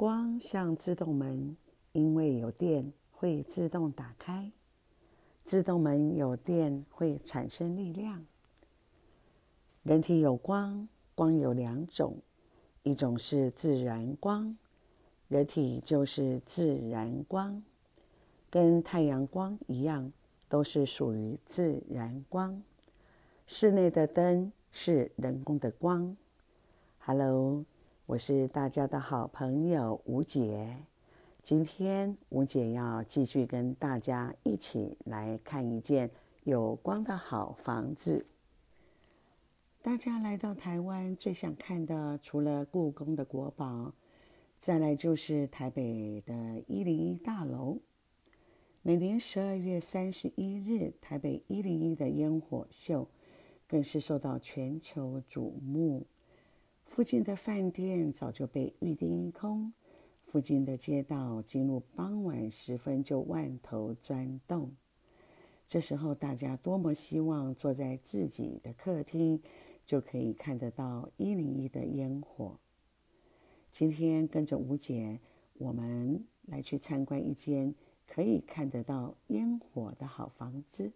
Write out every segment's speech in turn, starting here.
光像自動門，因為有電會自動打開。自動門有電會產生力量。人體有光，光有兩種，一種是自然光，人體就是自然光，跟太陽光一樣，都是屬於自然光。室內的燈是人工的光。Hello。我是大家的好朋友吳姐，今天吳姐要繼續跟大家一起來看一間有光的好房子。大家來到台灣最想看的，除了故宮的國寶，再來就是台北的一零一大樓。每年十二月三十一日，台北一零一的煙火秀，更是受到全球矚目。附近的飯店早就被預定一空，附近的街道進入傍晚時分就萬頭攢動。這時候，大家多麼希望坐在自己的客廳，就可以看得到一零一的煙火。今天跟着吳姐，我們來去參觀一間可以看得到煙火的好房子。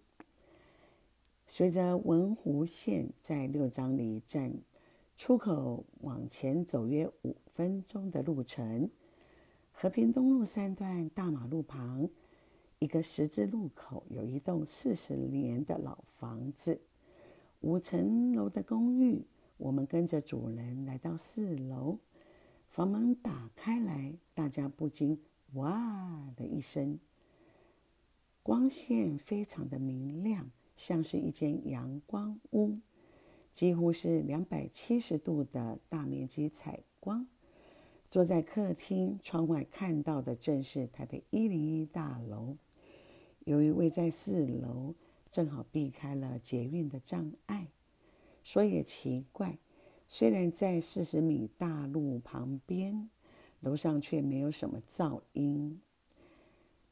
隨着文湖線在六張犁站。出口往前走約五分鐘的路程，和平東路三段大馬路旁一個十字路口，有一棟四十年的老房子，五層樓的公寓。我們跟着主人來到四樓，房門打開來，大家不禁“哇”的一聲，光線非常的明亮，像是一間陽光屋。幾乎是兩百七十度的大面積採光，坐在客廳窗外看到的正是台北一零一大樓。由於位在四樓，正好避開了捷運的障礙。說也奇怪，雖然在四十米大路旁邊，樓上卻沒有什麼噪音。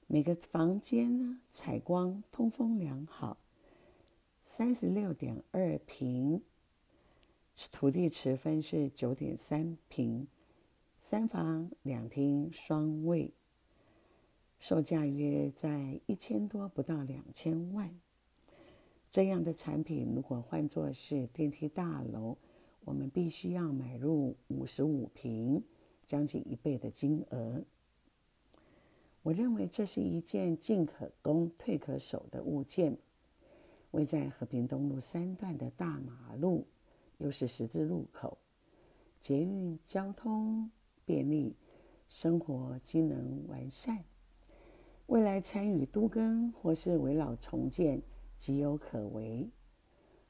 每個房間呢，採光通風良好，三十六點二坪。土地持分是九點三坪，三房兩廳雙衛，售價約在一千多不到兩千萬。這樣的產品如果換作是電梯大樓，我們必須要買入五十五坪，將近一倍的金額。我認為這是一間進可攻退可守的物件，位在和平東路三段的大馬路。又是十字路口，捷運交通便利，生活機能完善。未來參與都更或是危老重建，極有可為；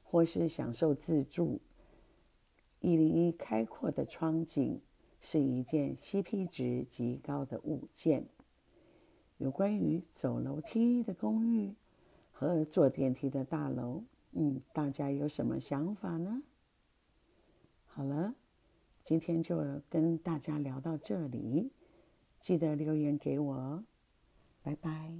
或是享受自住，一零一開闊的窗景是一件 CP 值極高的物件。有關於走樓梯的公寓和坐電梯的大樓，嗯，大家有什麼想法呢？好了，今天就跟大家聊到這裡，記得留言給我，拜拜。